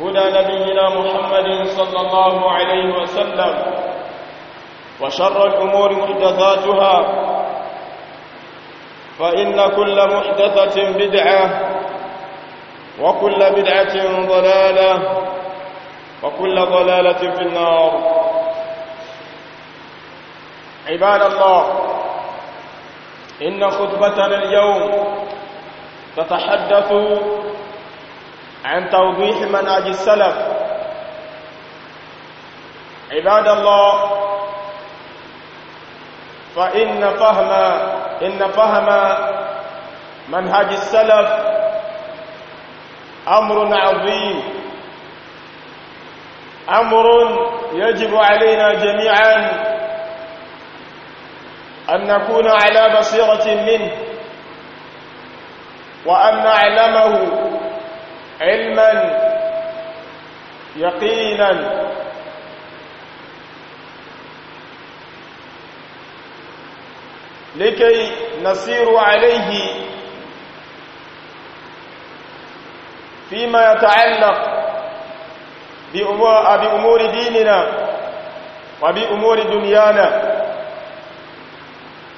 هدى نبينا محمد صلى الله عليه وسلم وشر الأمور محدثاتها فإن كل محدثة بدعة وكل بدعة ضلالة وكل ضلالة في النار عباد الله إن خطبتنا اليوم تتحدث عن توضيح منهج السلف عباد الله فإن فهم إن فهم منهج السلف أمر عظيم أمر يجب علينا جميعا أن نكون على بصيرة منه وأن نعلمه علما يقينا لكي نسير عليه فيما يتعلق بأمور ديننا وبأمور دنيانا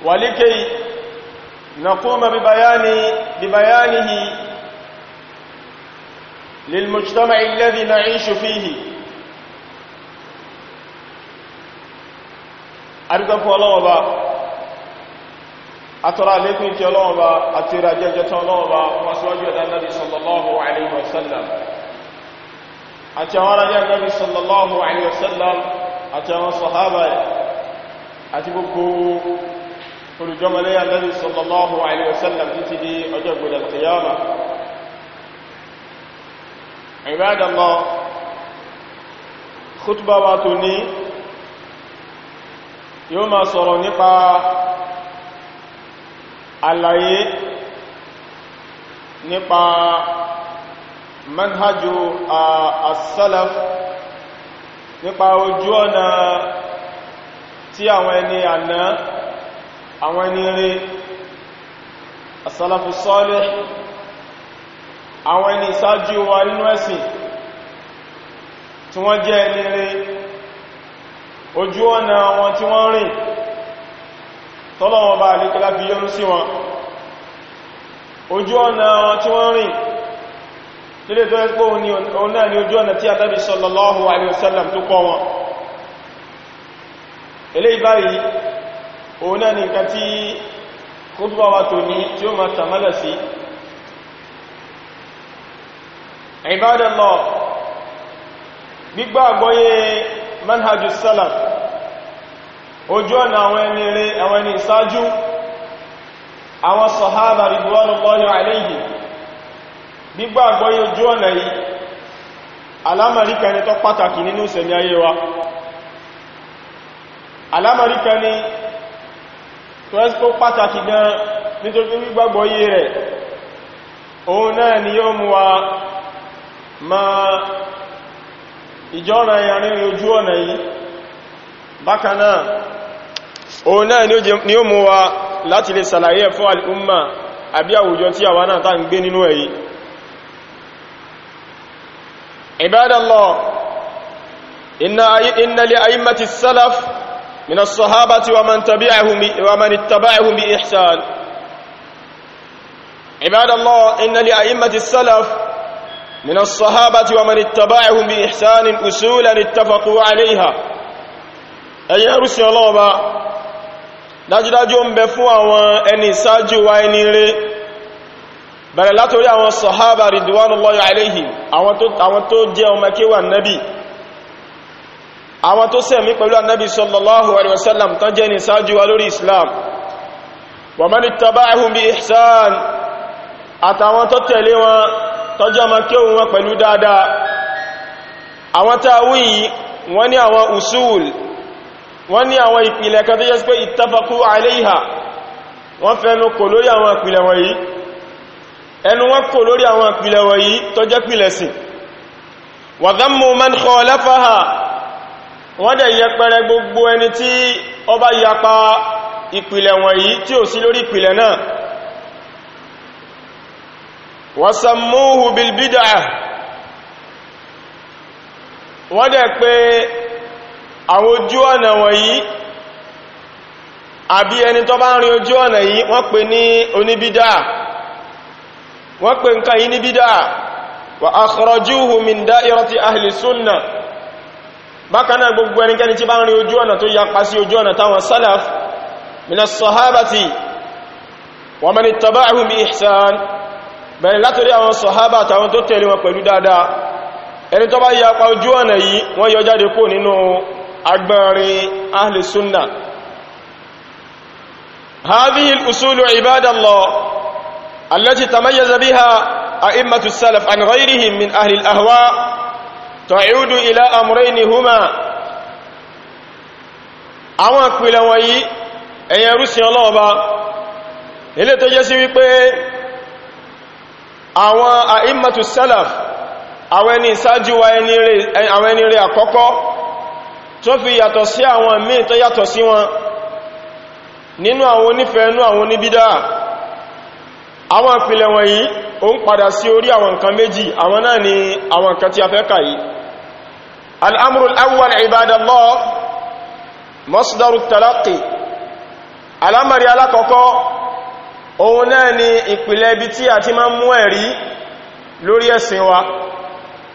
ولكي نقوم ببيان ببيانه للمجتمع الذي نعيش فيه أرجوك الله با أترى لكم كي الله با أترى جلجة الله با وأسواجه النبي صلى الله عليه وسلم أتوارى النبي صلى الله عليه وسلم أتوارى الصحابة أتبقوا كل جملة النبي صلى الله عليه وسلم تتدي أجب إلى القيامة ìbádàlọ́ kútùbá wa tó ní yóò máa sọ̀rọ̀ nípa àlàyé nípa manhajú as-salaf nípa ojú ọ̀nà tí àwọn ẹni àná àwọn ẹni rí as-salafu àwọn ẹni ìsájú wa nínú ẹ̀sìn tí wọ́n jẹ́ ẹni rẹ̀ ojú ọ̀nà wọn tí wọ́n rìn tọ́lọ̀wọ̀n bá àríkẹ́lá fi yọ́nú sí wọn ojú ọ̀nà wọn tí wọ́n rìn nílé tó ẹ́pọ̀ òun náà ni ojú ọ̀nà tí Ànábì sallallahu ibadallah gbígbà àgbọ́yé manhajus salaf ojú ọ̀nà àwọn ẹni rẹ̀ àwọn ẹni ìsájú àwọn sọ̀hábà ridwanullahi alayhim gbígbà àgbọ́yé ojú ọ̀nà yìí alámàríkà ni tó pàtàkì nínú ìsẹ̀mí ayé ma ìjọ́ra ìrìn ojú ọ̀nà yìí bákanáà òun náà ni ó mú wa láti lè sàlàyé ẹ̀ fún al'umma àbí àwùjọ tí àwa náà tá ń gbé nínú èyí Ibadallah inna li a'immati salaf min as-sahabati wa man tabi'ahum wa ihsan Ibadallah inna a'immati salaf من الصحابة ومن اتبعهم بإحسان أسولا اتفقوا عليها ẹ̀yẹ́ rúsí ọlọ́ọ̀bá dájúdájú ó ń bẹ fún àwọn ẹni sáájú wa ẹni rẹ̀ bẹ̀rẹ̀ látorí àwọn sọ̀hábà ridwanullahi alaihim àwọn tó jẹ́ ọmọ kíwà nẹ́bì àwọn tó sẹ̀mí pẹ̀lú annabi sallallahu alaihi wasallam tán jẹ́ ni sáájú wa lórí islam wa man ittaba'ahum bi ihsan àtàwọn tó tẹ̀lé wọn tọ́jọ́ ma kí òun wọn pẹ̀lú dáadáa àwọn tàwí yìí wọ́n ní àwọn usul wọ́n ní àwọn ìpìlẹ̀ kan tó yẹ́ sí pé ittafaqu alayha wọ́n fẹ́nu kò lórí àwọn ìpìlẹ̀ wọ̀nyí ẹnu wọ́n kò lórí àwọn ìpìlẹ̀ wọ̀nyí tó jẹ́ pìlẹ̀ sí wa dhammu man khalafaha wọ́n dẹ̀ yẹpẹrẹ gbogbo ẹni tí ó bá yapa ìpìlẹ̀ wọ̀nyí tí ò sí lórí وسموه بالبدعة wọ́n dẹ̀ pé àwọn ojú ọ̀nà wọ̀nyí àbí ẹni tó bá ń rin ojú ọ̀nà yìí wọ́n pè ní oníbídà wọ́n pè nǹkan yìí ní bídà wa akhrajuhu min da'irati ahli sunna bákan gbogbo ẹnikẹ́ni tí bá ń ojú ọ̀nà tó yapa sí ojú ọ̀nà táwọn salaf min as-sahabati wa man ittaba'ahum bi bẹ̀rẹ̀ látorí àwọn sọ̀hábà àtàwọn tó tẹ̀lé wọn pẹ̀lú dáadáa ẹni tó bá yapa ojú ọ̀nà yìí wọ́n yọ jáde kó nínú agbẹ̀rin ahli sunna hadhihi al-usulu ibadallah allati tamayyaza biha a'immatu salaf an ghayrihim min ahli al-ahwa ta'udu ila amrayn huma àwọn ìpìlẹ̀ wọ̀nyí ẹ̀yẹn rúsìn ọlọ́ọ̀ba ilé tó jẹ́ sí wípé àwọn àìmọ̀tù salaf àwọn ẹni ìsájú wa àwọn ẹni rẹ̀ àkọ́kọ́ tó fi yàtọ̀ sí àwọn míì tó yàtọ̀ sí wọn nínú àwọn onífẹ́ẹ̀nú àwọn oníbídá àwọn ìpìlẹ̀ wọ̀nyí ó ń padà sí orí àwọn nǹkan méjì àwọn náà ni àwọn nǹkan tí a fẹ́ kàyí al'amurul òun náà ni ìpìlẹ̀ ibi tí a ti máa mú ẹ̀rí lórí ẹ̀sìn wa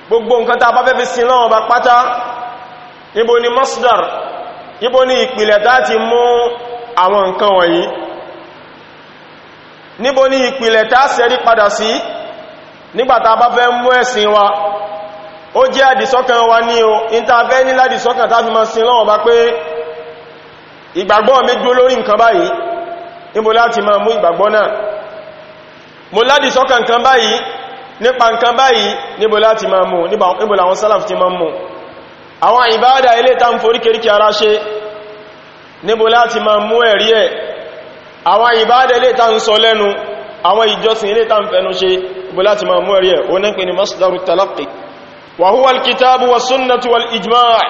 gbogbo nǹkan tá a bá fẹ́ fi náà bá pátá níbo ni masdar níbo ni ìpìlẹ̀ tá ti mú àwọn nǹkan wọ̀nyí níbo ni ìpìlẹ̀ tá sẹ́rí padà sí nígbàtà bá fẹ́ mú ẹ̀sìn wa ó jẹ́ àdìsọ́kàn wa ní o ìntàfẹ́ nílá àdìsọ́kàn tá fi máa sin náà bá pé ìgbàgbọ́ mi dúró lórí nǹkan báyìí níbo láti máa mú ìgbàgbọ́ náà mo láti sọ́kàn nǹkan báyìí nípa nǹkan báyìí níbo láti máa mú níbo làwọn sálàf ti máa mú àwọn ìbáadà ilé tán foríkèríkè ara ṣe níbo láti máa mú ẹ̀rí ẹ̀ àwọn ìbáadà ilé tán sọ lẹ́nu àwọn ìjọsìn ilé tán fẹnu ṣe níbo láti máa mú ẹ̀rí ẹ̀ ó nẹ́pẹ̀ ni masdaru talaqqi wa kitabu wa sunnatu wal ijma'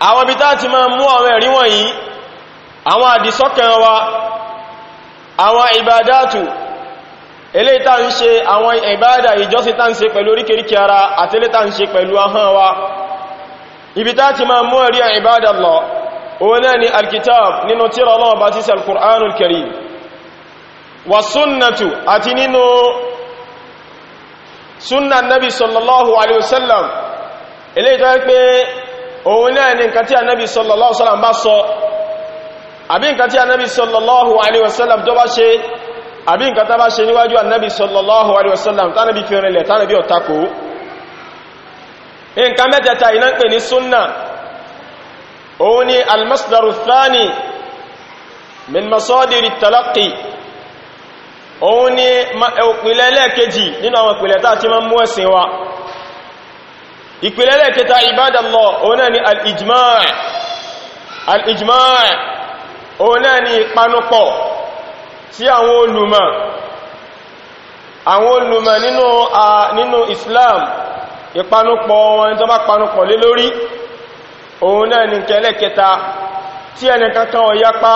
àwọn bí ti máa mú àwọn ẹ̀rí wọ̀nyí àwọn àdìsọ́kàn wa àwọn ìbádátù eléyìí tá ń ṣe àwọn ìbádà ìjọsìn tá ń ṣe pẹ̀lú oríkèríkè ara àti eléyìí tá ń ṣe pẹ̀lú ahọ́n wa ibi tá ti máa mú ẹ̀rí ìbádà lọ òun náà ni alkitab nínú tírà Ọlọ́run bá ti ṣe alkùránul karim wa sunnatu àti nínú sunna àbí nǹkan tí anábi sallallahu alaihi wasallam tó bá ṣe àbí nǹkan tá bá ṣe níwájú anábi sallallahu alaihi wasallam tánàbí fi rinlẹ̀ tánàbí ọ̀takò nǹkan mẹ́tẹ̀ta iná ń pè ní súnnà òun ni almasdaru thani min masọ́dìrì talaqi òun ni ìpìlẹ̀ lẹ́ẹ̀kejì nínú àwọn ìpìlẹ̀ tá ti máa mú ẹ̀sìn wa ìpìlẹ̀ lẹ́ẹ̀kẹta òun náà ni al-ijma' al-ijma' òun náà ni ìpanupọ̀ tí àwọn olùmọ̀ àwọn olùmọ̀ nínú a nínú Islam ìpanupọ̀ wọn tó bá panupọ̀ lé lórí òun náà ni kẹlẹ́kẹta tí ẹnìkankan ọ̀yápá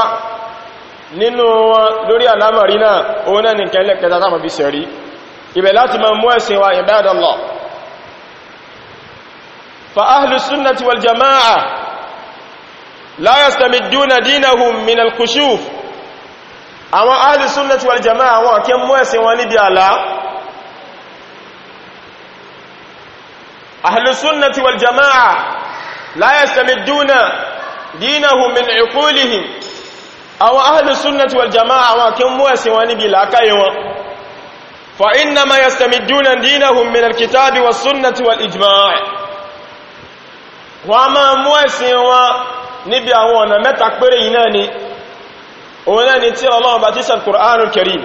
nínú wọn lórí àlámọ̀rí náà òun náà ni kẹlẹ́kẹta táwọn bí sẹ̀rí ibẹ̀ láti ma mú ẹ̀sìn wa ibadallah fa ahlus sunnati wal jama'a لا يستمدون دينهم من الكشوف اما اهل السنه والجماعه وان كان موسي ونبي على اهل السنه والجماعه لا يستمدون دينهم من عقولهم او اهل السنه والجماعه وان كان موسي ونبي لا كايوا فانما يستمدون دينهم من الكتاب والسنه والاجماع وما موسي ونبي níbi àwọn ọ̀nà mẹ́ta péré yìí náà ni òun náà ni tí ọlọ́run bá tíṣà kùránù kẹrìm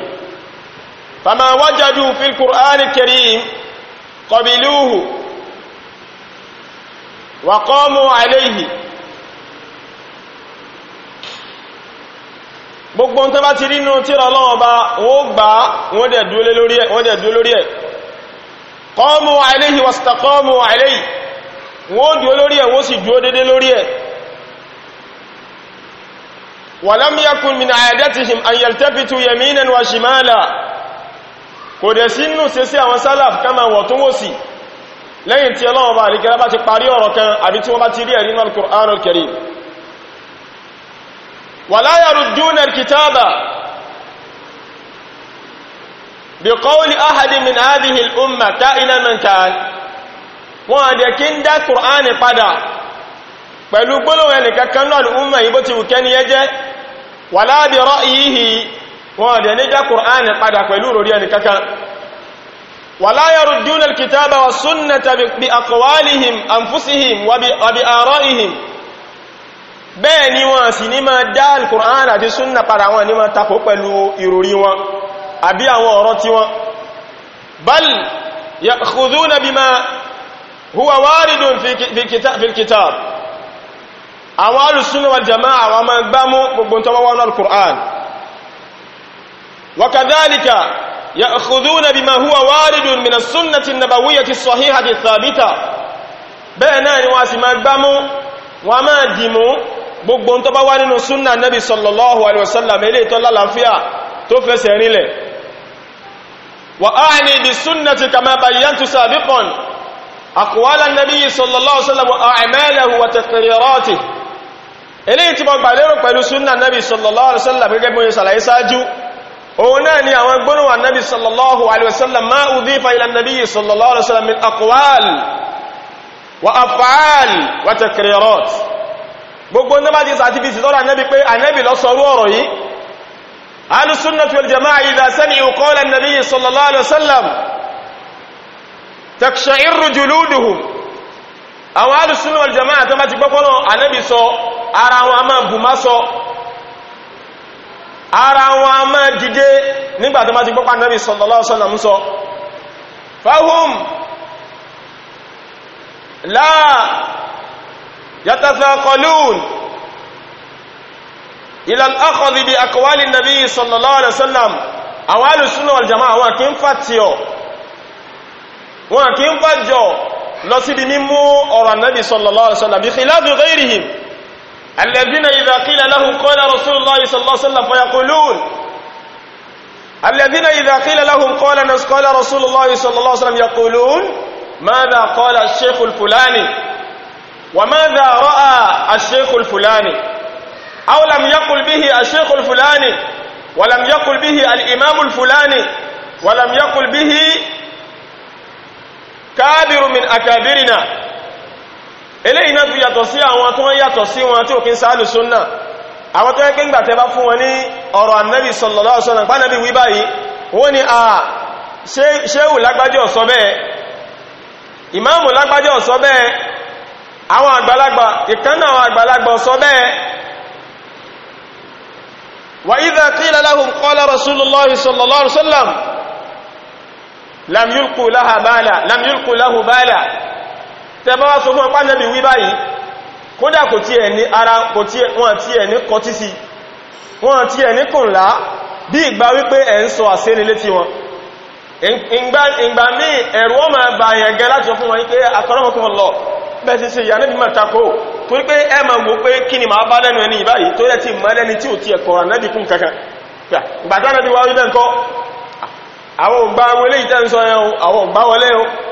fàmà wájájú fi kùránù kẹrìm kọbílúhù wàkọ́mù àìléhì gbogbo tó bá ti rínú tí ọlọ́run bá wọ́n gbà wọ́n dẹ̀ dúó lórí ẹ̀ kọ́mù àìléhì wàsìtàkọ́mù àìléhì dúó lórí ẹ̀ wọ́n sì dúó dédé lórí ẹ̀ ولم يكن من عادتهم أن يلتفتوا يمينا وشمالا kò dẹ̀ sí inú sí sí àwọn sálàf kama wọ̀túnwòsì lẹ́yìn tí ọlọ́wọ́ bá rí gẹ́rẹ́ bá ti parí ọ̀rọ̀ kan àbí tí wọ́n bá ti rí ẹ̀rí náà Qur'an al-Karim ولا يردون الكتاب بقول أحد من هذه الأمة كائنا من كان wọ́n àdẹ̀ kí ń dá Qur'an padà pẹ̀lú gbólóhùn ẹnìkankan náà wàlá bí ra'yihi wọn dẹ̀ ní dá kùránì padà pẹ̀lú rò rí ẹni kankan wàlá yarudduna al-kitaba wa sunnata bí aqwalihim anfusihim wa bí ara'ihim bẹ́ẹ̀ ni wọ́n sì ní máa dá al-kùránì àti súnnà padà wọn ní máa takò pẹ̀lú ìròrí wọn àbí àwọn ọ̀rọ̀ tí wọn bal ya'khudhuna bima huwa waridun fil kitab àwọn alùsùnà wal jama'a àwọn ma gbámú gbogbo tó wọ́n al-Qur'an wa kadhalika ya'khudhuna bima huwa waridun min as-sunnati an-nabawiyyati as-sahihati ath-thabita bẹ́ẹ̀ náà ni wọ́n sì ma gbámú wọ́n máa dìmú gbogbo tó bá wá nínú súnnà nabi sallallahu alaihi wa a'ni eléyìí tí mo gbà lérò pẹ̀lú súnà nabi sallallahu alaihi wasallam gẹ́gẹ́ bí sàlàyé sáájú òun náà ni àwọn gbónúwà nabi sallallahu alaihi wasallam ma udhifa ila nabi sallallahu alaihi wasallam min aqwal wa af'al wa takrirat gbogbo ní bá ti sàtífìsì lọ́rọ̀ annabi pé annabi lọ sọrú ọ̀rọ̀ yìí alùsúnnà fi aljama'a idha sami'u qawla nabi sallallahu alaihi wasallam taksha'irru juluduhum àwọn alùsúnnà wal jama'a tó bá ti gbọ́kọ́lọ́ annabi sọ ara wọn a máa bù má sọ ara wọn a máa dìde nígbàtí wọ́n ti gbọ́pá Ànábì sallallahu alaihi wasallam sọ fahum la yatathaqalun ila al-akhadhi bi aqwali an-nabi sallallahu alaihi wasallam àwọn alùsùnà ọ̀ljàmá àwọn kí ń fàtíọ̀ wọn kí ń fàjọ lọ sí di mímú ọ̀rọ̀ Ànábì sallallahu alaihi wasallam bi khilafi ghayrihim الذين إذا قيل لهم قال رسول الله صلى الله عليه وسلم فيقولون الذين إذا قيل لهم قال قال رسول الله صلى الله عليه وسلم يقولون ماذا قال الشيخ الفلاني وماذا رأى الشيخ الفلاني أو لم يقل به الشيخ الفلاني ولم يقل به الإمام الفلاني ولم يقل به كابر من أكابرنا eléyìí náà fi yàtọ̀ sí àwọn tó wọ́n yàtọ̀ sí wọn tí òkín sáàlù súnnà àwọn tó yẹ pé ńgbà tẹ́ bá fún wọn ní ọ̀rọ̀ ànábì sallallahu alaihi wasallam pánàbí wí báyìí wọ́n ni a ṣéhù lágbájẹ́ ọ̀sọ́ bẹ́ẹ̀ ìmáàmù lágbájẹ́ ọ̀sọ́ bẹ́ẹ̀ àwọn àgbàlagbà ìkánná àwọn àgbàlagbà ọ̀sọ́ bẹ́ẹ̀ wa idha qila lahum qala rasulullahi tẹ bá wá sọ fún ọpá nẹ́bí wí báyìí kódà kò tí ẹ̀ ara kò tí wọ́n tí ẹ̀ ní kọtí sí wọ́n tí ẹ̀ ní kùnlá bí ìgbà wípé ẹ̀ ń sọ àṣẹ́ni létí wọn ìgbà míì ẹ̀rù wọ́n máa bà yẹn gẹ́ láti fún wọn pé akọ́rọ́mọkùnmọ̀ lọ bẹ́ẹ̀ sí sí ìyá níbi mẹ́ta kó torí pé ẹ máa wò pé ni màá bá lẹ́nu ẹni ìbáyìí tó yẹ ti mọ́ lẹ́ni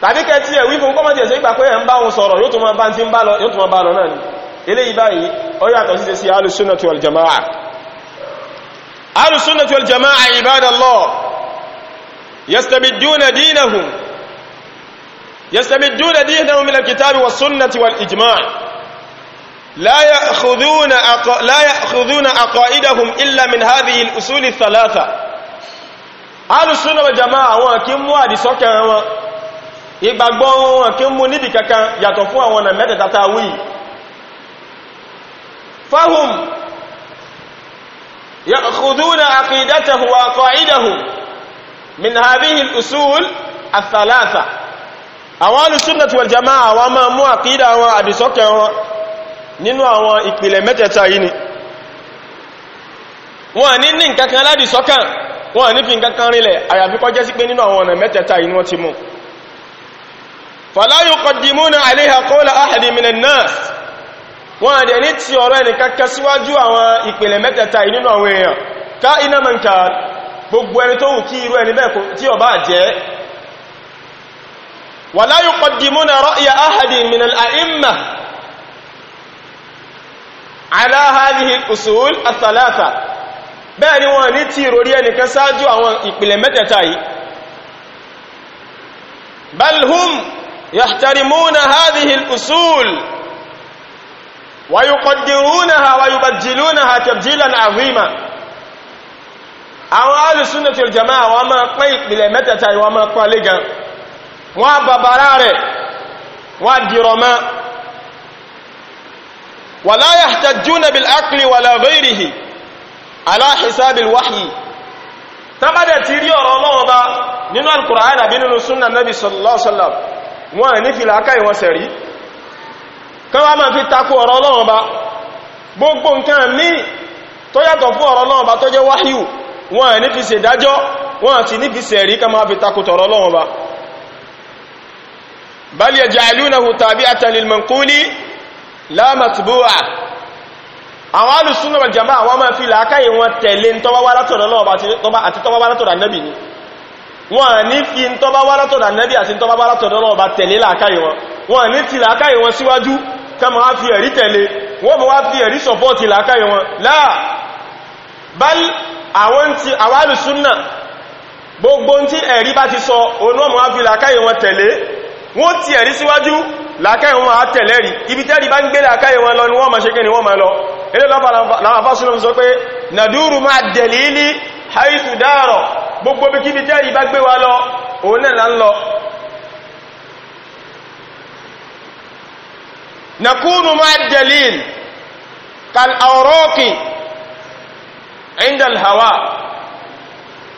tàbí kẹ́ tí ẹ̀wí fún kọ́mọ̀dé ẹ̀sẹ̀ ìgbà pé ẹ̀ ń bá wọn sọ̀rọ̀ yóò tún máa bá ń tí ń bá lọ yóò tún máa bá lọ náà ni eléyìí báyìí ó yàtọ̀ sí sí alùsúnnàtù aljama'a alùsúnnàtù aljama'a àwọn kí mú àdìsọ́kẹ̀ wọn ìgbàgbọ́ wọn kí ń mú níbi kankan yàtọ̀ fún àwọn ọ̀nà mẹ́tẹ̀ẹ̀ta tá wí fahum ya'khuduna aqidatahu wa qa'idahu min hadhihi al-usul al-thalatha àwọn al-sunnah wal jama'a àwọn máa mú àkídà wọn àdìsọ́kẹ̀ wọn nínú àwọn ìpìlẹ̀ mẹ́tẹ̀ẹ̀ta yìí ni wọ́n ní ní nǹkankan ládìsọ́kàn wọ́n ní fi nǹkankan rinlẹ̀ àyàfikọ́ jẹ́ sí pé nínú àwọn ọ̀nà mẹ́tẹ̀ẹ̀ta yìí ti mú fala yuqaddimuna alayha qawla ahadi minan nas wọ́n àdẹ̀ ní ti ọ̀rọ̀ ẹnìkankan síwájú àwọn ìpìlẹ̀ mẹ́tẹ̀ta nínú àwọn èèyàn ká iná mẹ́ǹkà gbogbo ẹni tó wù kí irú ẹni bẹ́ẹ̀kù tí ó bá jẹ́ wala yuqaddimuna ra'ya ahadi bal hum يحترمون هذه الأصول ويقدرونها ويبدلونها تبديلا عظيما أو أهل السنة الجماعة وما قيل بلا متتا وما قالقا وابا برار وادرما ولا يحتجون بالأقل ولا غيره على حساب الوحي تبدأ تيريو رمضا من القرآن بين السنة النبي صلى الله عليه وسلم wọ́n ní fìlà aká ìwọ̀n sẹ̀rí kan wá máa fi takò ọ̀rọ̀ Ọlọ́run ba gbogbo nǹkan mí tó yàtọ̀ fún ọ̀rọ̀ Ọlọ́run ba tó jẹ́ wáhíù wọ́n ní fi ṣèdájọ́ wọ́n ti ní fi sẹ̀rí kan máa fi takò tọ̀rọ̀ Ọlọ́run ba bal yaj'alunahu la matbu'a àwọn alùsùn náà jama àwọn máa fi làákàyè wọn tẹ̀lé tọ́wọ́wá wọ́n ní fi ń tọ́bá wá látọ̀dọ̀ ànábì àti tọ́bá wá látọ̀dọ̀ náà bá tẹ̀lé làákàyè wọn wọ́n ní ti làákàyè wọn síwájú kama wá fi ẹ̀rí tẹ̀lé wọ́n bọ̀ wá fi ẹ̀rí sọ̀pọ̀tì làákàyè wọn láà bal àwọn ti àwálù súnnà gbogbo tí ẹ̀rí bá ti sọ onú ọmọ wá fi làákàyè wọn tẹ̀lé wọ́n ti ẹ̀rí síwájú làákàyè wọn á tẹ̀lé rí ibi tẹ́rí bá ń gbé làákàyè wọn lọ ni wọ́n máa gbogbo bí kíbi tẹ́rì bá gbé wa lọ òun náà là ń lọ nakunu ma dalil kal awroki indal hawa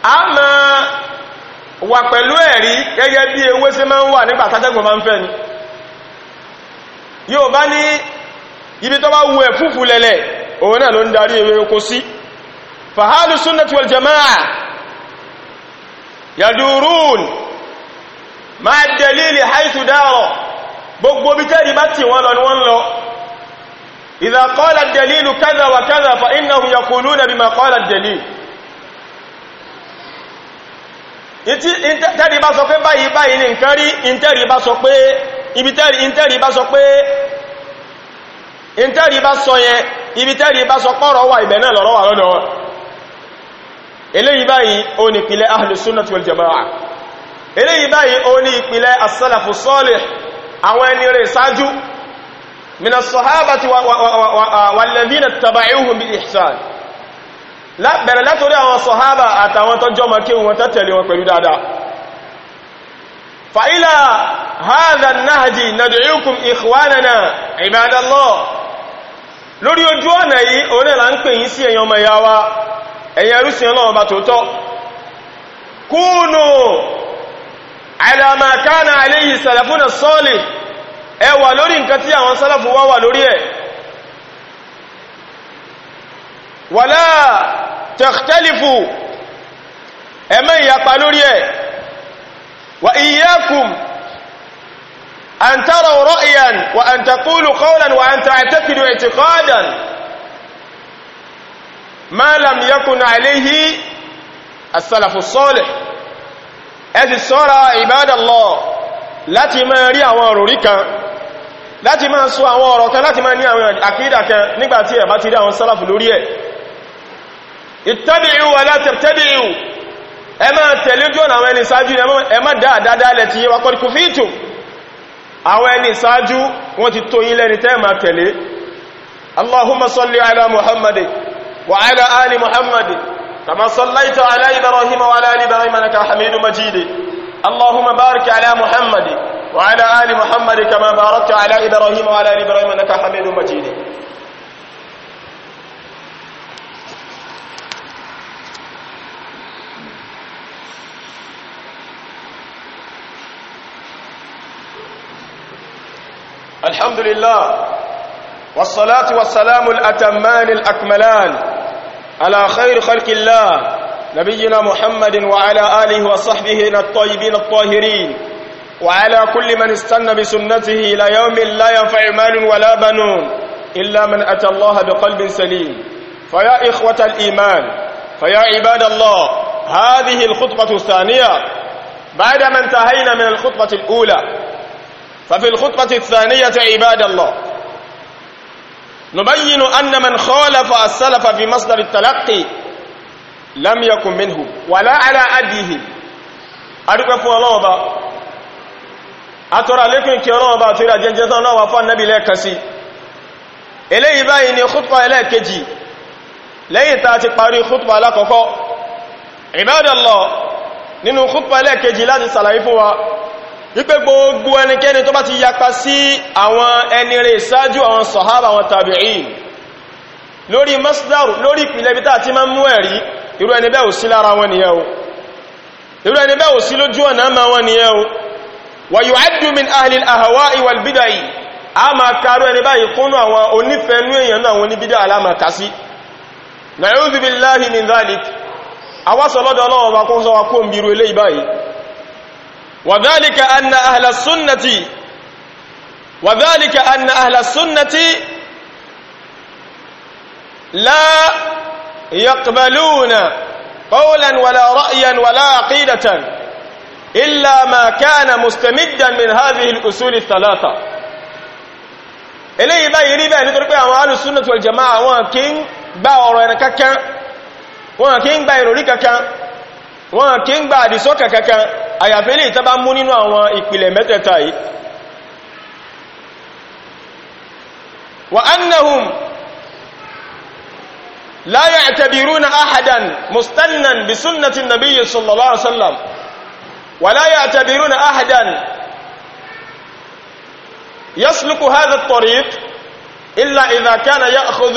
a ma wà pẹ̀lú ẹ̀rí gẹ́gẹ́ bí ewé sí máa ń wà nígbà tátẹ́gùn máa ń fẹ́ ni yóò bá ní ibi tó bá wu ẹ̀fúfú lẹ́lẹ̀ òun náà ló ń darí ewé oko sí fàhálù sunnati wal yàdùrún ma dalili haitu dáọ̀ gbogbo bí tẹ́rì bá ti wọ́n lọ ni wọ́n lọ idha qala dalilu kaza wa kaza fa innahum yaquluna bima qala dalil tẹ́rì bá sọ pé báyìí báyìí ní nǹkan rí ìntẹ́rì bá sọ pé ibi tẹ́rì ìntẹ́rì bá sọ pé ìntẹ́rì bá pọ́rọ̀ wà ibẹ̀ náà lọ́rọ̀ wà eléyìí báyìí ó ní ìpìlẹ̀ ahlus sunnah wal jamaa'ah eléyìí báyìí ó ní ìpìlẹ̀ as-salafu salih àwọn ẹni rere ṣáájú min as-sahabati walladhina taba'uhum bi ihsan bẹ̀rẹ̀ látorí àwọn sọ̀hábà àtàwọn tó jọ makí wọn tó tẹ̀lé wọn pẹ̀lú dáadáa fa ila hadha an-nahji nad'ukum ẹ̀yin ẹrúsìn ọlọ́run bá tòótọ́ kúnù àìlàmàkánà àìlèyìn sàlàfúnà sọ́ọ̀lì ẹ wà lórí nǹkan tí àwọn sálàfù wá wà lórí ẹ̀ wàlá tẹ̀kítẹ́lìfù ẹ̀mẹ́ ìyapa lórí ẹ̀ wà iyyakum an taraw ra'yan wa an ma lam yakun alayhi as-salafu salih ẹ ti ṣọ́ra ibadallah láti máa rí àwọn òrùrí kan láti máa sọ àwọn ọ̀rọ̀ kan láti máa ní àwọn àkídà kan nígbàtí ẹ bá ti rí àwọn sálàfù lórí ẹ̀ ittabi'u wa la tabtadi'u ẹ máa tẹ̀lé jọ àwọn ẹni sáájú ẹ má dáadáa lẹ̀ ti wakọ́ kufitum وعلى آل محمد كما صليت على إبراهيم وعلى آل إبراهيم أنك حميد مجيد اللهم بارك على محمد وعلى آل محمد كما باركت على إبراهيم وعلى آل إبراهيم أنك حميد مجيد الحمد لله والصلاة والسلام الأتمان الأكملان على خير خلق الله نبينا محمد وعلى آله وصحبه الطيبين الطاهرين وعلى كل من استنى بسنته إلى يوم لا ينفع مال ولا بنون إلا من أتى الله بقلب سليم فيا إخوة الإيمان فيا عباد الله هذه الخطبة الثانية بعدما انتهينا من الخطبة الأولى ففي الخطبة الثانية عباد الله نبين أن من خالف السلف في مصدر التلقي لم يكن منه ولا على أديه أدوك فو الله أبا أترى لكم كي الله أبا ترى جنجزان الله وفا النبي لكسي إليه بايني خطبة إليه كجي ليه تاتي قاري خطبة لكوكو عباد الله ننو خطبة إليه كجي لا تسلعي فوا wípé gbogbo ẹnikẹ́ni tó bá ti yapa sí àwọn ẹnire ìsájú àwọn sọ̀hábà àwọn tàbí'in lórí masdaru lórí ìpìlẹ̀ ibi tàà tí ma ń mú ẹ̀rí irú ẹni bẹ́ẹ̀ ò sí lára wọn nìyẹn o irú ẹni bẹ́ẹ̀ ò sí lójú ọ̀nà ma wọn nìyẹn o wa yu'addu min ahli al-ahwa'i wal-bid'i a ma kàrú ẹni báyìí kúnnù àwọn onífẹ́nú èèyàn náà wọn ní bídá وذلك أن أهل السنة وذلك أن أهل السنة لا يقبلون قولا ولا رأيا ولا عقيدة إلا ما كان مستمدا من هذه الأصول الثلاثة إليه ما يريد أن يتركوا أهل السنة والجماعة وكين باورو ينككا وكين بايرو ركككا وكين بايرو ركككا àyàfẹ́lẹ̀ tó bá mú nínú àwọn ìpìlẹ̀ mẹ́tẹ̀ta yìí wa annahum la ya'tabiruna ahadan mustannan bi sunnati nabiyyi sallallahu alaihi wasallam wa la ya'tabiruna ahadan يسلك هذا الطريق إلا إذا كان يأخذ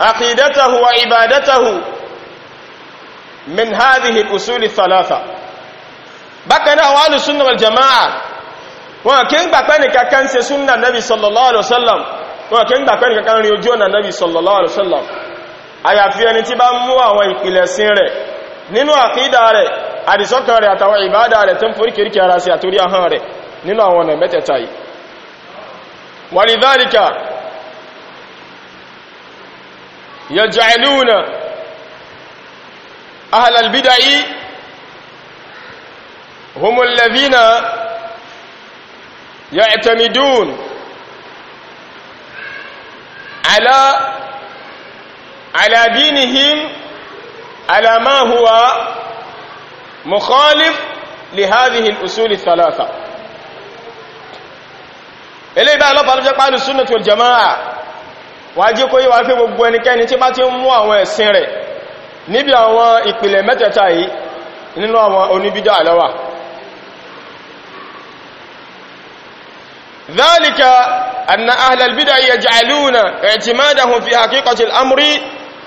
عقيدته وعبادته من هذه الأصول الثلاثة bákanáà àwọn alùsúnnà wal jama'a wọn kí ń gbàpẹ́ nìkankan ṣe súnnà nabi sallallahu alaihi wasallam wọn kí ń gbàpẹ́ nìkankan rí ojú ọ̀nà nabi sallallahu alaihi wasallam àyàfi ẹni tí bá mú àwọn ìpìlẹ̀sìn rẹ̀ nínú àkídà rẹ̀ àdìsọ́kàn rẹ̀ àtàwọn ìbádà rẹ̀ tó ń forí kìríkì ara هم الذين يعتمدون على على دينهم على ما هو مخالف لهذه الأصول الثلاثة ilé ìbá ọlọ́pàá ló jẹ́ pàálù súnà tó jẹmáà wà jí kó yíwa fẹ́ gbogbo ẹnikẹ́ni tí bá ti mú àwọn ẹ̀sìn rẹ̀ níbi àwọn ìpìlẹ̀ mẹ́tẹ̀ẹ̀ta yìí nínú àwọn oníbídá àlọ́wà ذلك أن أهل البدع يجعلون اعتمادهم في حقيقة الأمر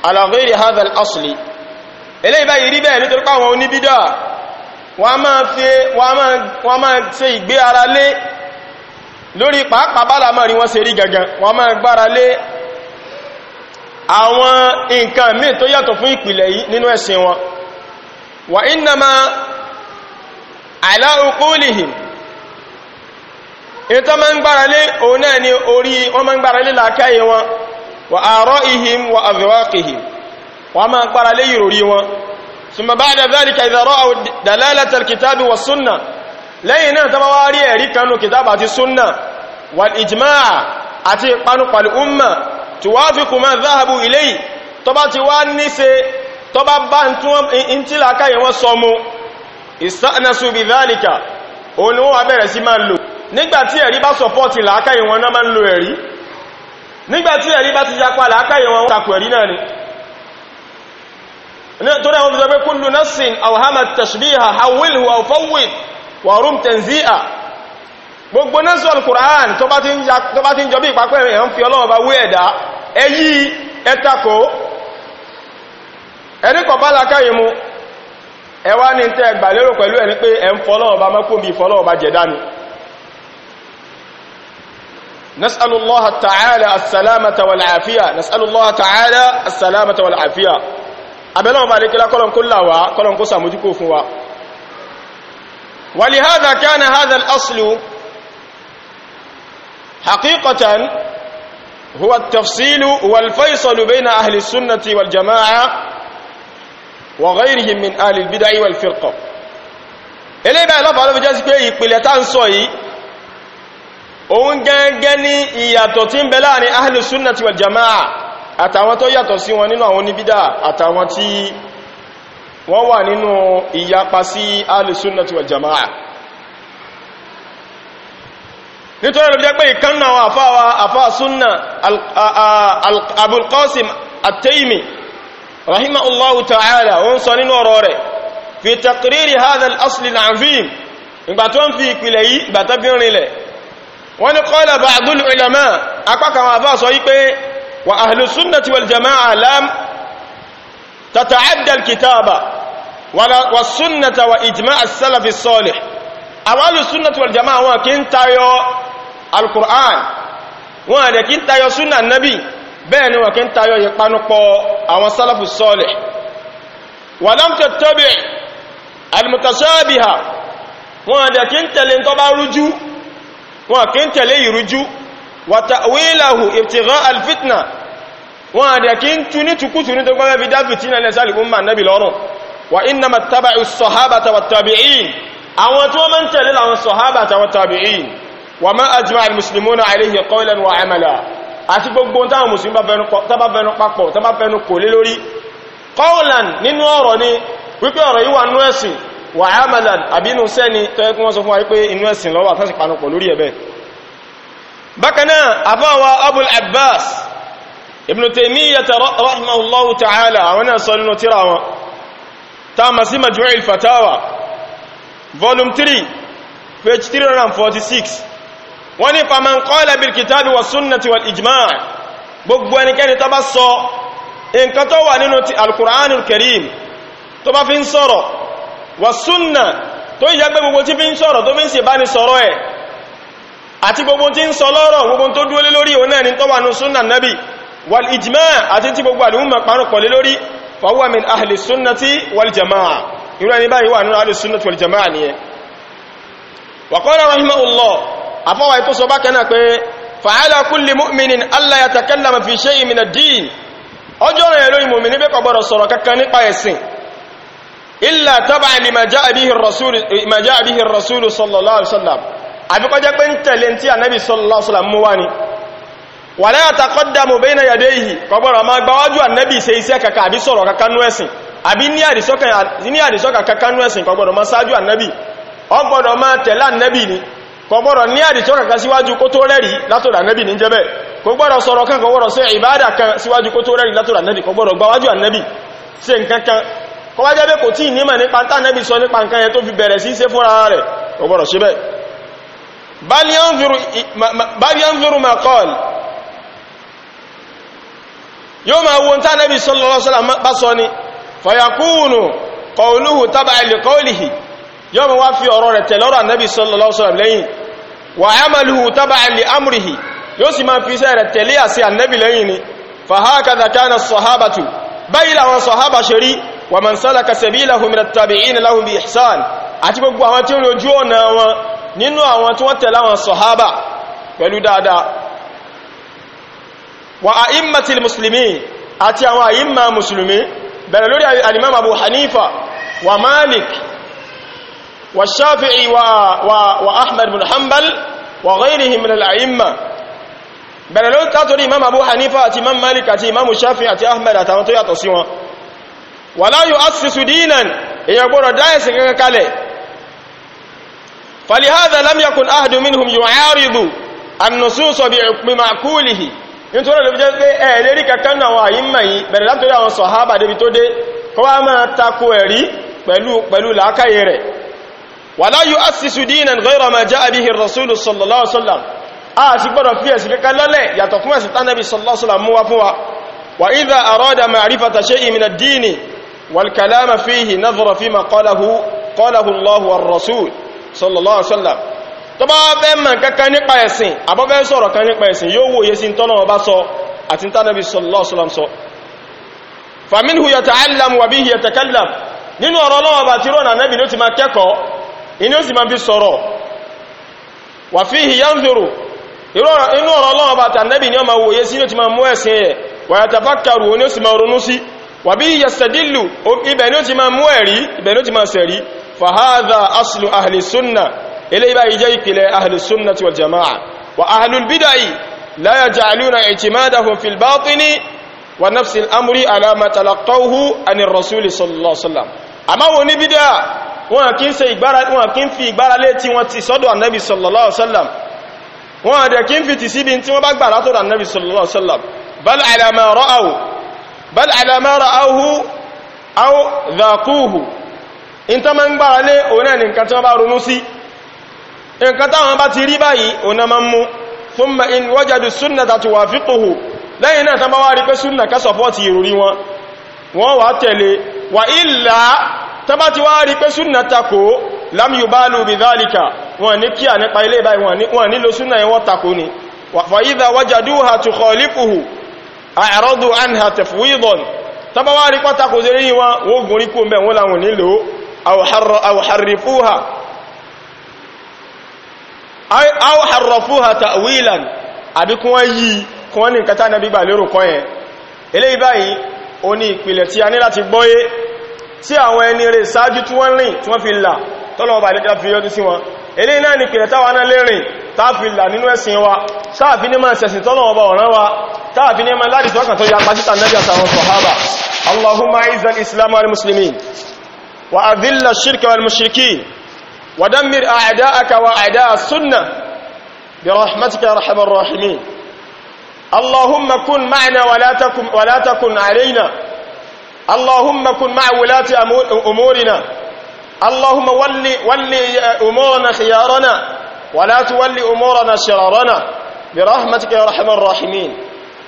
على غير هذا الأصل eléyìí báyìí rí bẹ́ẹ̀ nítorí pàwọn oníbídà wọ́n máa ṣe ìgbé ara lé lórí pàápàá bá lámọ́ rí wọ́n ṣe rí gangan wọ́n máa gbára lé àwọn nǹkan míì tó yàtọ̀ fún ìpìlẹ̀ yìí nínú ẹ̀sìn wọn wa innama ala uqulihim ìtọ́ ma ń gbára lé òun náà ni orí wọ́n ma ń gbára lé làákàyè wọn wà àárọ́ ihim wà àfẹ́wàkìhì wọ́n ma ń gbára lé ìròrí wọn sùmà bá da zálìkà ìzàrọ́ dalalatar kitabi wa sunna lẹ́yìn náà tọ́ wá rí ẹ̀rí kanú kitabi àti sunna wà ìjìmá àti panupal umma tí wá fi kùmá záhàbù ilé nígbàtí ẹ̀rí bá sọpọ́tì làákàyè wọn náà máa ń lo ẹ̀rí nígbàtí ẹ̀rí bá ti yapa làákàyè wọn takò ẹ̀rí náà ni torí àwọn ìjọba kullu nassin alhamad tashbiha hawilhu wa warum tanzi'a gbogbo nẹ́sùn al ti fi ní tẹ́ pẹ̀lú ẹni pé ń jẹ̀dá ni نسأل الله تعالى السلامة والعافية نسأل الله تعالى السلامة والعافية أبلا وبارك لا كلهم كلا وا كلهم كوسا ولهذا كان هذا الأصل حقيقة هو التفصيل والفيصل بين أهل السنة والجماعة وغيرهم من أهل البدع والفرقة إليه بقى لفعله في جاسك يقبل تنصي òun gẹ́gẹ́ ní ìyàtọ̀ tí ń bẹ láàrin ahlu sunnati wal jama'a àtàwọn tó yàtọ̀ sí wọn nínú àwọn oníbídà àtàwọn tí wọ́n wà nínú ìyapa sí ahlu sunnati wal jama'a nítorí ló jẹ́ pé ìkánná àwọn àfáwà àfáà súnnà Abul Qasim at-Taymi rahimahullahu ta'ala wọ́n ni qala ba'dul ulama apákan àbá sọ wípé wa ahlus sunnati wal jama'a lam tata'adda al-kitaba wa sunnata wa ijma' as-salaf as-salih awalu sunnati wal jama'a wọn kí ń tayọ al wọn dẹ̀ kí ń tayọ sunna nabi bẹ́ẹ̀ ni wọn kí ń tẹ̀lé ìrújú wàtàwílàhù ìtìrán alfitna wọn àdẹ̀ kí ń tú ní tukútù ní tọgbọ́n bí dáfitì náà lẹ́sàlì umma nabi lọ́rùn wà iná mataba'u sọ̀hábàtà wàtàbí'in àwọn tí wọ́n mọ́ ń tẹ̀lé àwọn sọ̀hábàtà wà má ajima almuslimuna wà ámàlàn àbínú sẹ́ni tó yẹ kí wọ́n sọ fún wa pé inú ẹ̀sìn lọ́wọ́ àtàṣì panupọ̀ lórí ẹ̀bẹ̀ bákanáà àbáwa abul abbas ibn taymiyyah rahimahullahu àwọn náà sọ volume 3 page 346 wọ́n ní faman qala bil kitabi wa sunnati wal ijma' gbogbo ẹnikẹ́ni tó bá sọ nǹkan tó wà wà súnnà tó yẹ pé gbogbo tí fi ń sọ̀rọ̀ tó fi ń ṣe bá ní sọ̀rọ̀ ẹ̀ àti gbogbo tí ń sọ lọ́rọ̀ gbogbo tó dúó lé lórí òun náà ni tó wà ní súnnà nábì wal ijma àti tí gbogbo àlúmọ̀ parúkọ̀ lé lórí fa huwa min ahli sunnati wal jama'a irú ẹni báyìí wà nínú ahli sunnati illa tabi'an lima ja'a bihi ar-rasul ma ja'a bihi ar-rasul sallallahu alaihi wasallam àbí kó jẹ́ pé ń tẹ̀lé nti Ànábì sallallahu alaihi wasallam mú wá ni wala yataqaddamu bayna yadayhi kò gbọdọ̀ má gba wájú Ànábì ṣe iṣẹ́ kaka àbí sọ̀rọ̀ kaka nu ẹ̀sìn àbí ní adi sokan ní adi sokan kaka nu ẹ̀sìn kò gbọdọ̀ má ṣáájú Ànábì ó gbọdọ̀ má tẹ̀lé Ànábì ni kò gbọdọ̀ ní adi sokan kaka síwájú kó tó reri lato da Ànábì ni jẹ́ bẹ́ẹ̀ kò gbọdọ̀ sọ̀rọ̀ kan kò gbọdọ̀ ṣe ibada kan síwájú kó tó reri lato da Ànábì kò gbọdọ̀ gba wájú Ànábì ṣe nǹkan kan kọ́ wá jẹ́ pé kò tí ì nímọ̀ nípa tá nẹ́bí sọ nípa nǹkan yẹn tó fi bẹ̀rẹ̀ sí ṣe fúnra rẹ̀ kò gbọ́dọ̀ ṣe bẹ́ẹ̀ bal yanzuru ma qal yóò máa wo tá nẹ́bí sallallahu alaihi wasallam bá sọ ni fa yakunu qawluhu tab'a li qawlihi yóò máa wá fi ọ̀rọ̀ rẹ̀ tẹ̀lé ọ̀rọ̀ nẹ́bí sallallahu alaihi wasallam sì máa fi iṣẹ́ rẹ̀ tẹ̀lé àṣẹ ànẹ́bì lẹ́yìn ni fa hakadha kana báyìí làwọn sọ̀hábà ṣe rí wa man salaka sabilahu min at-tabi'in lahum bi ihsan àti gbogbo àwọn tí ó rojú ọ̀nà wọn nínú àwọn tí wọ́n tẹ̀lé àwọn sàhábà pẹ̀lú dáadáa wa a'immatil muslimin àti àwọn àyíma musulmi bẹ̀rẹ̀ lórí al-imam abu hanifa wa malik wa shafi'i wa wa ahmad bin hanbal wa ghayrihim min al-a'imma bẹ̀rẹ̀ lórí tátorí imam abu hanifa àti imam malik àti imam shafi'i àti ahmad àtàwọn tó yàtọ̀ sí wọn wàláyò asìsù dínan èyàn gbọ́rọ̀ dáyẹ̀sì kankan kalẹ̀ falihada lamyakun ahadu minhum yóò yárídù annususo bí makulihi nítorí olóbi jẹ́ pé ẹ̀ lérí kankan náà wà yín mayi bẹ̀rẹ̀ látorí àwọn sọ̀hábà débi tó dé kọwa máa tako ẹ̀rí pẹ̀lú làákàyè rẹ̀ wàláyò asìsù dínan gọ́rọ̀ ma já àbíhì rasulu sallallahu alaihi wasallam a sì gbọ́dọ̀ fi ẹ̀sì kankan lọ́lẹ̀ yàtọ̀ fún ẹ̀sì tánàbí sallallahu alaihi wasallam mú wa fún wa wa idha arada ma'rifata والكلام فيه نظر فيما قاله قاله الله والرسول صلى الله عليه وسلم tó bá fẹ́ mọ̀ kankan nípa ẹ̀sìn àbọ́fẹ́ sọ̀rọ̀ kan nípa ẹ̀sìn yóò wòye sí tọ́nà ọba sọ àti tánàbí sọ̀lọ́sọ̀lọ́m sọ فمنه يتعلم وبه يتكلم nínú ọ̀rọ̀ lọ́wọ́ bá ti rọ́nà nẹ́bì ló ti máa kẹ́kọ̀ọ́ inú sì máa fi sọ̀rọ̀ wà fi hìyànzòrò inú ọ̀rọ̀ lọ́wọ́ bá tànẹ́bì ní ọmọ wòye sí ló ti máa mú ẹ̀sìn ẹ̀ wà yàtàfàkàrù oní ó sì máa ronú sí wàbí yastadillu ibẹ̀ ni ó ti máa mú ẹ̀rí ibẹ̀ ni ó ti máa sẹ̀rí fahadha aslu ahli sunna ilé ibá yìí jẹ́ ìpìlẹ̀ ahli sunna ti wal jama'a wa ahlul bidai la yaj'aluna wọ́n ti ń fi ti síbi tí wọ́n bá gbà látọ̀dọ̀ annabi sallallahu alaihi wasallam bal ala ma bal ala ma ra'awhu aw dhaquhu in ta man gbára lé òun ẹni nǹkan tí wọ́n bá ronú sí nǹkan táwọn bá ti rí báyìí òun náà máa mú thumma in wajadu sunnata tuwafiquhu lẹ́yìn náà tán bá wá rí pé súnnà ká sọ̀fọ́tì ìròrí wọn wọ́n wá tẹ̀lé wà ìlà tán bá ti wá rí pé súnnà takò lam yubalu bi dhalika wọn ní kíà nípa ilé báyìí wọn nílò súnnà yẹn wọ́n takò ni fa idha wajaduha tukhalifuhu àìrọ́dù anha tafwidon tọba wá rí pátá kò zẹ́rí wọn wó gùn rí kó mẹ́ wọ́n láwọn nílò àwòhàrọ̀fúhà ta'wilan àbí kún wọ́n yí kún wọ́n ní kátà na bígbà lérò kọ́ yẹn eléyìí báyìí ó ní ìpìlẹ̀ tí a ní láti gbọ́yé tí àwọn ẹni rẹ̀ sáájú tí wọ́n rìn tí wọ́n fi là tọ́lọ̀ eléyìí náà ni pìlẹ̀ táwa náà lérìn táàfilà nínú ẹ̀sìn wa táàfi ní máa ṣẹ̀sìn tọ́nà ọba ọ̀rán wa táàfi ní máa láti tọ́kàn tó ya pàtítà nẹ́bí àtàwọn sọ̀hábà allahumma aizal islam wal muslimin wa adilla shirka wal mushrikin wa dammir a'da'aka wa a'da'a sunnah bi rahmatika arhamar rahimin اللهم كن معنا ولا تكن, ولا تكن علينا اللهم كن مع ولاة أمورنا اللهم ولي, ولي أمورنا خيارنا ولا تولي أمورنا شرارنا برحمتك يا رحم الراحمين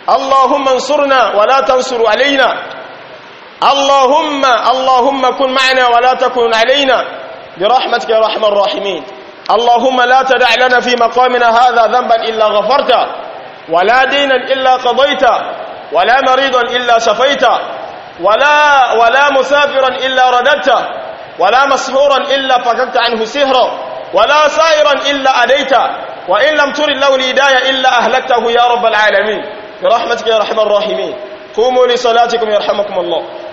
اللهم انصرنا ولا تنصر علينا اللهم اللهم كن معنا ولا تكن علينا برحمتك يا رحم الراحمين اللهم لا تدع لنا في مقامنا هذا ذنبا إلا غفرته ولا دينا إلا قضيته ولا مريضا إلا شفيته ولا ولا مسافرا إلا رددته ولا مسحورا إلا فككت عنه سهرا ولا سائرا إلا أديتا وإن لم تر له الهداية إلا أهلكته يا رب العالمين برحمتك يا رحم الراحمين قوموا لصلاتكم يرحمكم الله